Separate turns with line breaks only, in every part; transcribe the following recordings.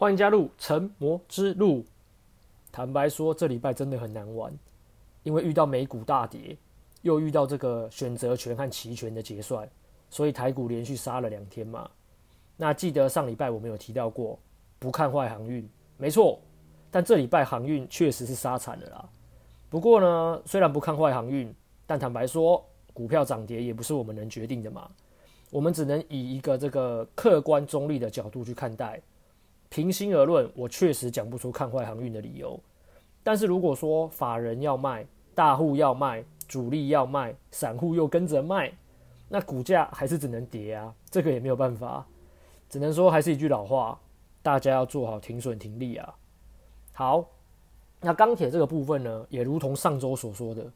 歡迎加入成魔之路。坦白說，這禮拜真的很難玩，因為遇到美股大跌，又遇到這個選擇權和期權的結算，所以台股連續殺了兩天嘛。那記得上禮拜我們有提到過，不看壞航運，沒錯。但這禮拜航運確實是殺慘了啦。不過呢，雖然不看壞航運，但坦白說，股票漲跌也不是我們能決定的嘛。我們只能以一個這個客觀中立的角度去看待。平心而論，我確實講不出看壞航運的理由。但是如果說法人要賣、大戶要賣、主力要賣、散戶又跟着賣，那股價還是只能跌啊，這個也沒有辦法，只能說還是一句老話，大家要做好停損停利啊。好，那鋼鐵這個部分呢，也如同上周所說的，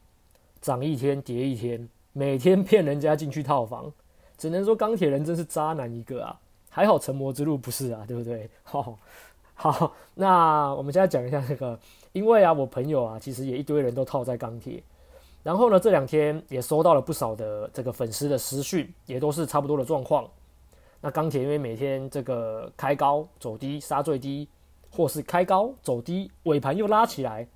漲一天跌一天，每天騙人家進去套房，只能說鋼鐵人真是渣男一個啊。還好，成魔之路不是啊，對不對？好，好，那我們現在講一下這個，因為啊，我朋友啊，其實也一堆人都套在鋼鐵，然後呢，這兩天也收到了不少的這個粉絲的私訊，也都是差不多的狀況。那鋼鐵因為每天這個開高走低殺最低，或是開高走低尾盤又拉起來，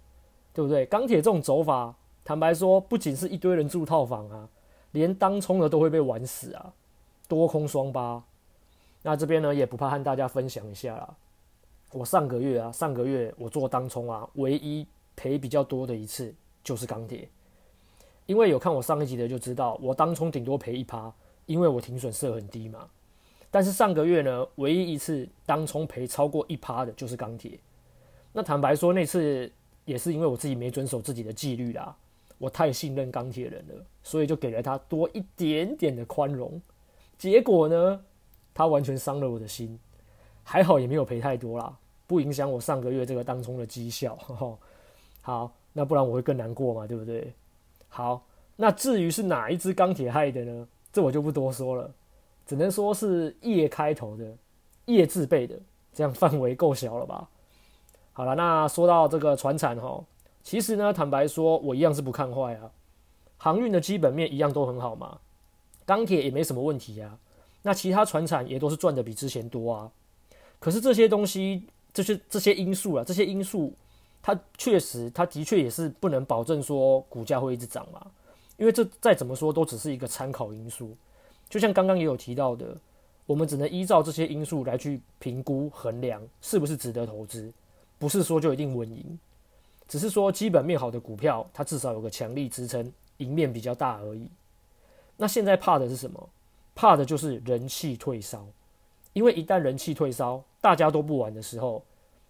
對不對？鋼鐵這種走法，坦白說，不僅是一堆人住套房啊，連當沖的都會被玩死啊，多空雙巴。那這邊呢，也不怕和大家分享一下啦，我上個月啊，上個月我做當沖啊，唯一賠比較多的一次就是鋼鐵，因為有看我上一集的就知道，我當沖頂多賠一趴，因為我停損設很低嘛。但是上個月呢，唯一一次當沖賠超過一趴的就是鋼鐵。那坦白說，那次也是因為我自己沒遵守自己的紀律啦，我太信任鋼鐵人了，所以就給了他多一點點的寬容，結果呢？他完全傷了我的心，還好也沒有賠太多啦，不影響我上個月這個當沖的績效呵呵。好，那不然我會更難過嘛，對不對？好，那至於是哪一支鋼鐵害的呢？這我就不多說了，只能說是燁開頭的燁字輩的，這樣範圍夠小了吧？好了，那說到這個傳產哦，其實呢，坦白說，我一樣是不看壞啊，航運的基本面一樣都很好嘛，鋼鐵也沒什麼問題啊。那其他傳產也都是賺的比之前多啊，可是這些東西，這些這些因素啊，這些因素，它確實，它的確也是不能保證說股價會一直漲嘛，因為這再怎麼說都只是一個參考因素。就像剛剛也有提到的，我們只能依照這些因素來去評估衡量是不是值得投資，不是說就一定穩贏，只是說基本面好的股票，它至少有個強力支撐，贏面比較大而已。那現在怕的是什麼？怕的就是人氣退燒，因為一旦人氣退燒，大家都不玩的時候，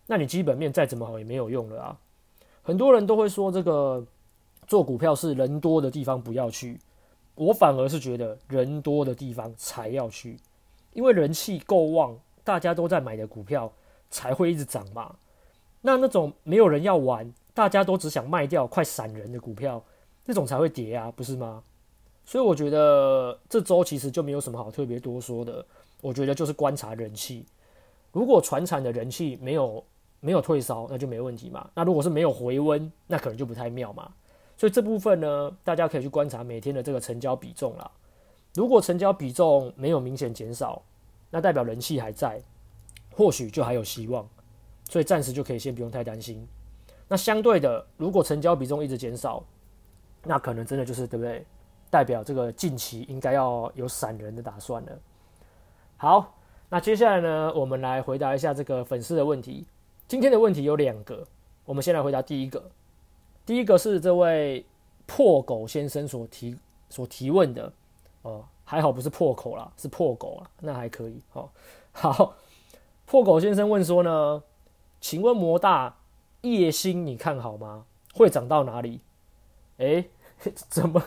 那你基本面再怎麼好也沒有用了啊。很多人都會說這個做股票是人多的地方不要去，我反而是覺得人多的地方才要去，因為人氣夠旺，大家都在買的股票才會一直漲嘛。那那種沒有人要玩，大家都只想賣掉快閃人的股票，那種才會跌啊，不是嗎？所以我覺得這週其實就沒有什麼好特別多說的。我覺得就是觀察人氣，如果傳產的人氣沒有沒有退燒，那就沒問題嘛。那如果是沒有回溫，那可能就不太妙嘛。所以這部分呢，大家可以去觀察每天的這個成交比重啦。如果成交比重沒有明顯減少，那代表人氣還在，或許就還有希望。所以暫時就可以先不用太擔心。那相對的，如果成交比重一直減少，那可能真的就是對不對？代表這個近期應該要有閃人的打算了。好，那接下來呢，我們來回答一下這個粉絲的問題。今天的問題有兩個，我們先來回答第一個。第一個是這位破狗先生所提所提問的。哦，還好不是破口啦，是破狗啦，那還可以。好、哦，好，破狗先生問說呢，請問魔大葉星，你看好嗎？會漲到哪裡？哎，怎麼？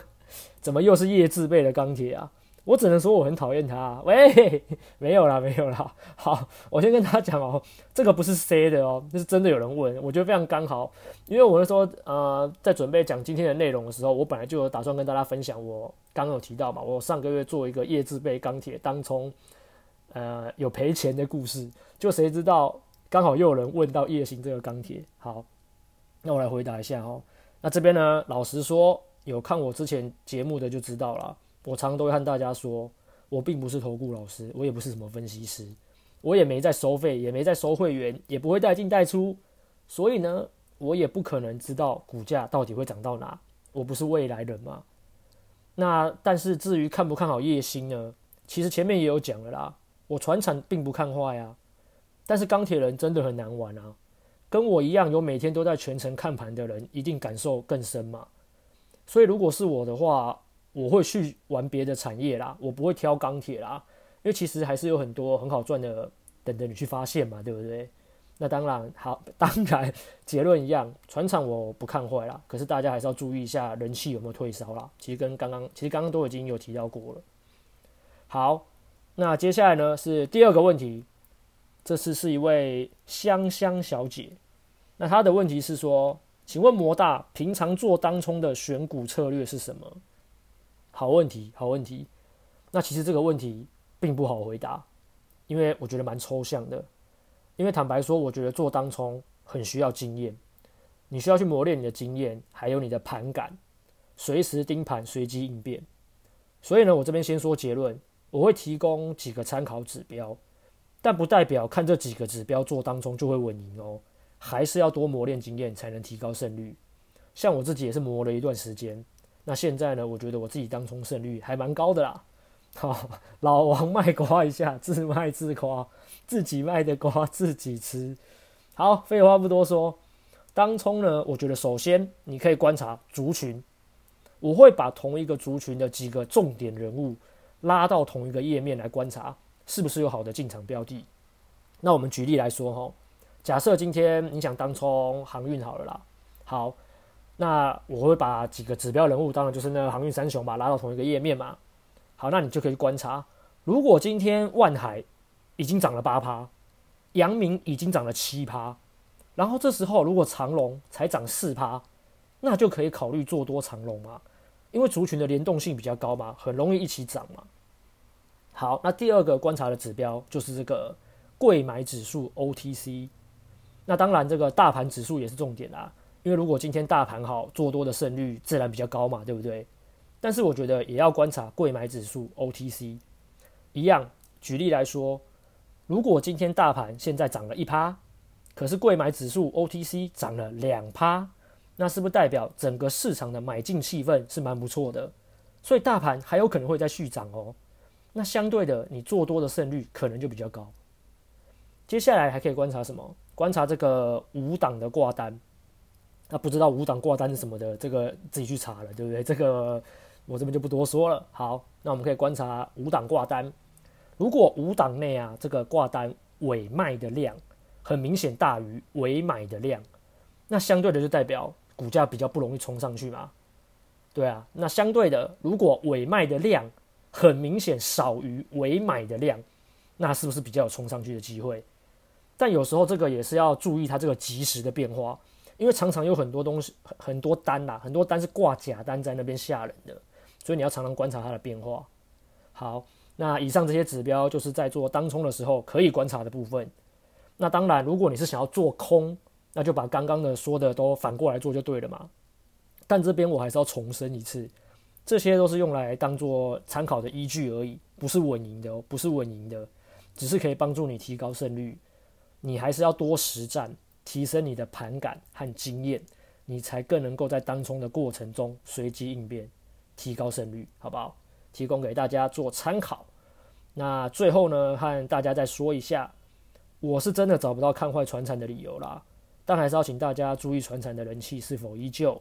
怎麼又是燁字輩的鋼鐵啊？我只能說我很討厭他，啊。喂，沒有了，沒有了。好，我先跟他講哦，喔，這個不是誰的哦，這，就是真的有人問，我覺得非常剛好，因為我是說呃，在準備講今天的內容的時候，我本來就有打算跟大家分享，我剛有提到嘛，我上個月做一個燁字輩鋼鐵當沖，呃，有賠錢的故事，就誰知道剛好又有人問到燁興這個鋼鐵。好，那我來回答一下哦，喔。那這邊呢，老實說。有看我之前節目的就知道了。我常常都會和大家說，我並不是投顧老師，我也不是什麼分析師，我也沒在收費，也沒在收會員，也不會帶進帶出，所以呢，我也不可能知道股價到底會漲到哪。我不是未來人嘛。那但是至於看不看好業星呢？其實前面也有講了啦，我傳產並不看壞呀、啊。但是鋼鐵人真的很難玩啊。跟我一樣有每天都在全程看盤的人，一定感受更深嘛。所以如果是我的話，我會去玩別的產業啦，我不會挑鋼鐵啦，因為其實還是有很多很好賺的，等着你去發現嘛，對不對？那當然，好，當然結論一樣，船廠我不看壞啦。可是大家還是要注意一下人氣有沒有退燒啦。其實跟剛剛，其實剛剛都已經有提到過了。好，那接下來呢是第二個問題，這次是一位香香小姐，那她的問題是說。請問魔大平常做當沖的選股策略是什麼？好問題，好問題。那其實這個問題並不好回答，因為我覺得蠻抽象的。因為坦白說，我覺得做當沖很需要經驗，你需要去磨練你的經驗，還有你的盤感，隨時盯盤，隨機應變。所以呢，我這邊先說結論，我會提供幾個參考指標，但不代表看這幾個指標做當沖就會穩贏哦。還是要多磨練經驗，才能提高勝率。像我自己也是磨了一段時間，那現在呢？我覺得我自己當沖勝率還蠻高的啦。好，老王賣瓜一下，自賣自誇，自己賣的瓜自己吃。好，廢話不多說，當沖呢？我覺得首先你可以觀察族群，我會把同一個族群的幾個重點人物拉到同一個頁面來觀察，是不是有好的進場標的。那我們舉例來說哈。假設今天你想當沖航運好了啦，好，那我會把幾個指標人物，當然就是那航運三雄嘛，拉到同一個頁面嘛。好，那你就可以觀察，如果今天萬海已經漲了八趴，陽明已經漲了七趴，然後這時候如果長榮才漲四趴，那就可以考慮做多長榮嘛，因為族群的連動性比較高嘛，很容易一起漲嘛。好，那第二個觀察的指標就是這個櫃買指數 OTC。那當然，這個大盤指數也是重點啦、啊。因為如果今天大盤好，做多的勝率自然比較高嘛，對不對？但是我覺得也要觀察櫃買指數 OTC。一樣，舉例來說，如果今天大盤現在漲了一趴，可是櫃買指數 OTC 漲了兩趴，那是不是代表整個市場的買進氣氛是蠻不錯的？所以大盤還有可能會再續漲哦。那相對的，你做多的勝率可能就比較高。接下來還可以觀察什麼？觀察這個五檔的掛單，那不知道五檔掛單是什麼的，這個自己去查了，對不對？這個我這邊就不多說了。好，那我們可以觀察五檔掛單，如果五檔內啊，這個掛單委賣的量很明顯大於委買的量，那相對的就代表股價比較不容易衝上去嘛。對啊。那相對的，如果委賣的量很明顯少於委買的量，那是不是比較有衝上去的機會？但有時候這個也是要注意它這個即時的變化因為常常有很多東西、很多單吶、啊，很多單是掛假單在那邊嚇人的，所以你要常常觀察它的變化。好，那以上這些指標就是在做當沖的時候可以觀察的部分。那當然，如果你是想要做空，那就把剛剛的說的都反過來做就對了嘛。但這邊我還是要重申一次，這些都是用來當做參考的依據而已，不是穩贏的哦，不是穩贏的，只是可以幫助你提高勝率。你還是要多實戰，提升你的盤感和經驗，你才更能夠在當沖的過程中隨機應變，提高勝率，好不好？提供給大家做參考。那最後呢，和大家再說一下，我是真的找不到看壞傳產的理由啦，但還是要請大家注意傳產的人氣是否依舊。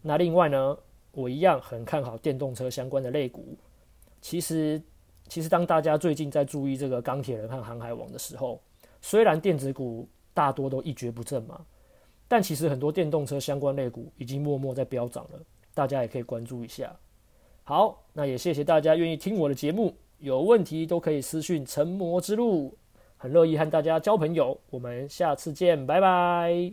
那另外呢，我一樣很看好電動車相關的類股。其實，其實當大家最近在注意這個鋼鐵人和航海王的時候。雖然電子股大多都一蹶不振嘛，但其實很多電動車相關類股已經默默在飆漲了，大家也可以關注一下。好，那也謝謝大家願意聽我的節目，有問題都可以私訊成魔之路，很樂意和大家交朋友。我們下次見，拜拜。